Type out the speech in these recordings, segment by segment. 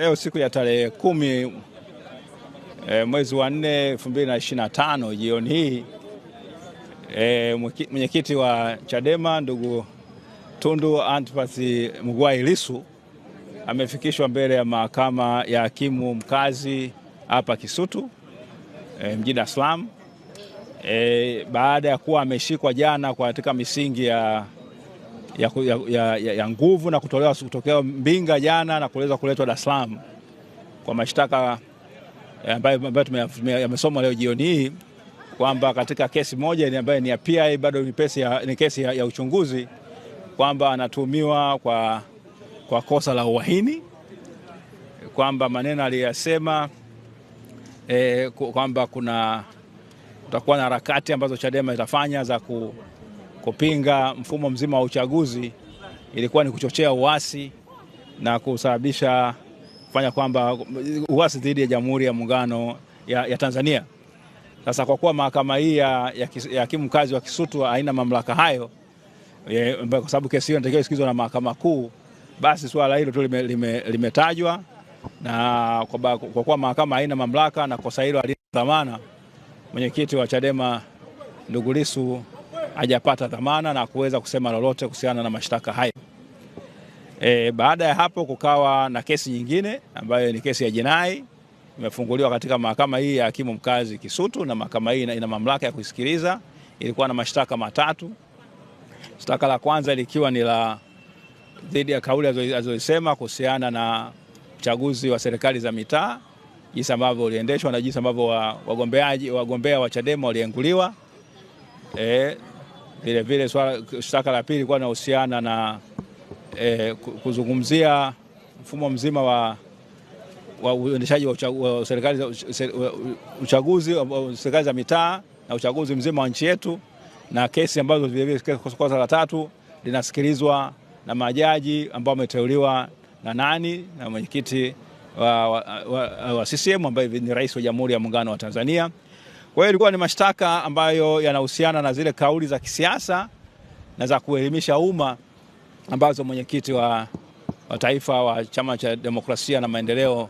Leo siku ya tarehe kumi e, mwezi wa nne elfu mbili na ishirini na tano jioni hii e, mwenyekiti wa Chadema ndugu Tundu Antipas Mugwai Lisu amefikishwa mbele ya mahakama ya hakimu mkazi hapa Kisutu e, mjini Dar es Salaam e, baada ya kuwa ameshikwa jana katika misingi ya ya, ya, ya, ya nguvu na kutolewa kutokea Mbinga jana na kuweza kuletwa Dar es Salaam kwa mashtaka eh, ambayo yamesomwa leo jioni hii kwamba katika kesi moja ambayo ni ya PI bado ni, ya, ni kesi ya, ya uchunguzi kwamba anatuhumiwa kwa, kwa kosa la uhaini kwamba maneno aliyasema eh, kwamba kuna kutakuwa na harakati ambazo Chadema itafanya za ku kupinga mfumo mzima wa uchaguzi ilikuwa ni kuchochea uasi na kusababisha kufanya kwamba uasi dhidi ya Jamhuri ya Muungano ya, ya Tanzania. Sasa kwa kuwa mahakama hii ya, ya, ya hakimu mkazi wa Kisutu haina mamlaka hayo, ye, mba, kwa sababu kesi hiyo inatakiwa isikizwe na mahakama kuu, basi swala hilo tu limetajwa lime, lime na kwa, kwa kuwa mahakama haina mamlaka na kosa hilo halina dhamana, mwenyekiti wa Chadema ndugu Lissu hajapata dhamana na kuweza kusema lolote kuhusiana na mashtaka hayo. E, baada ya hapo kukawa na kesi nyingine ambayo ni kesi ya jinai imefunguliwa katika mahakama hii ya hakimu mkazi Kisutu, na mahakama hii ina mamlaka ya kusikiliza. Ilikuwa na mashtaka matatu, shtaka la kwanza likiwa ni la dhidi ya kauli alizosema kuhusiana na uchaguzi wa serikali za mitaa, jinsi ambavyo uliendeshwa na jinsi ambavyo wagombeaji wagombea wa Chadema walienguliwa. E, Vilevile swala shtaka la pili kuwa linahusiana na e, kuzungumzia mfumo mzima wa wa uendeshaji wa serikali uchaguzi serikali za mitaa na uchaguzi mzima wa nchi yetu, na kesi ambazo vilevile kosa la tatu linasikilizwa na majaji ambao wameteuliwa na nani na mwenyekiti wa, wa, wa, wa CCM ambaye ni rais wa Jamhuri ya Muungano wa Tanzania. Kwa hiyo ilikuwa ni mashtaka ambayo yanahusiana na zile kauli za kisiasa na za kuelimisha umma ambazo mwenyekiti wa, wa taifa wa Chama cha Demokrasia na Maendeleo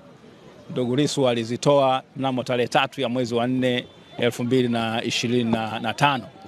ndugu Lissu alizitoa mnamo tarehe tatu ya mwezi wa nne elfu mbili na ishirini na tano.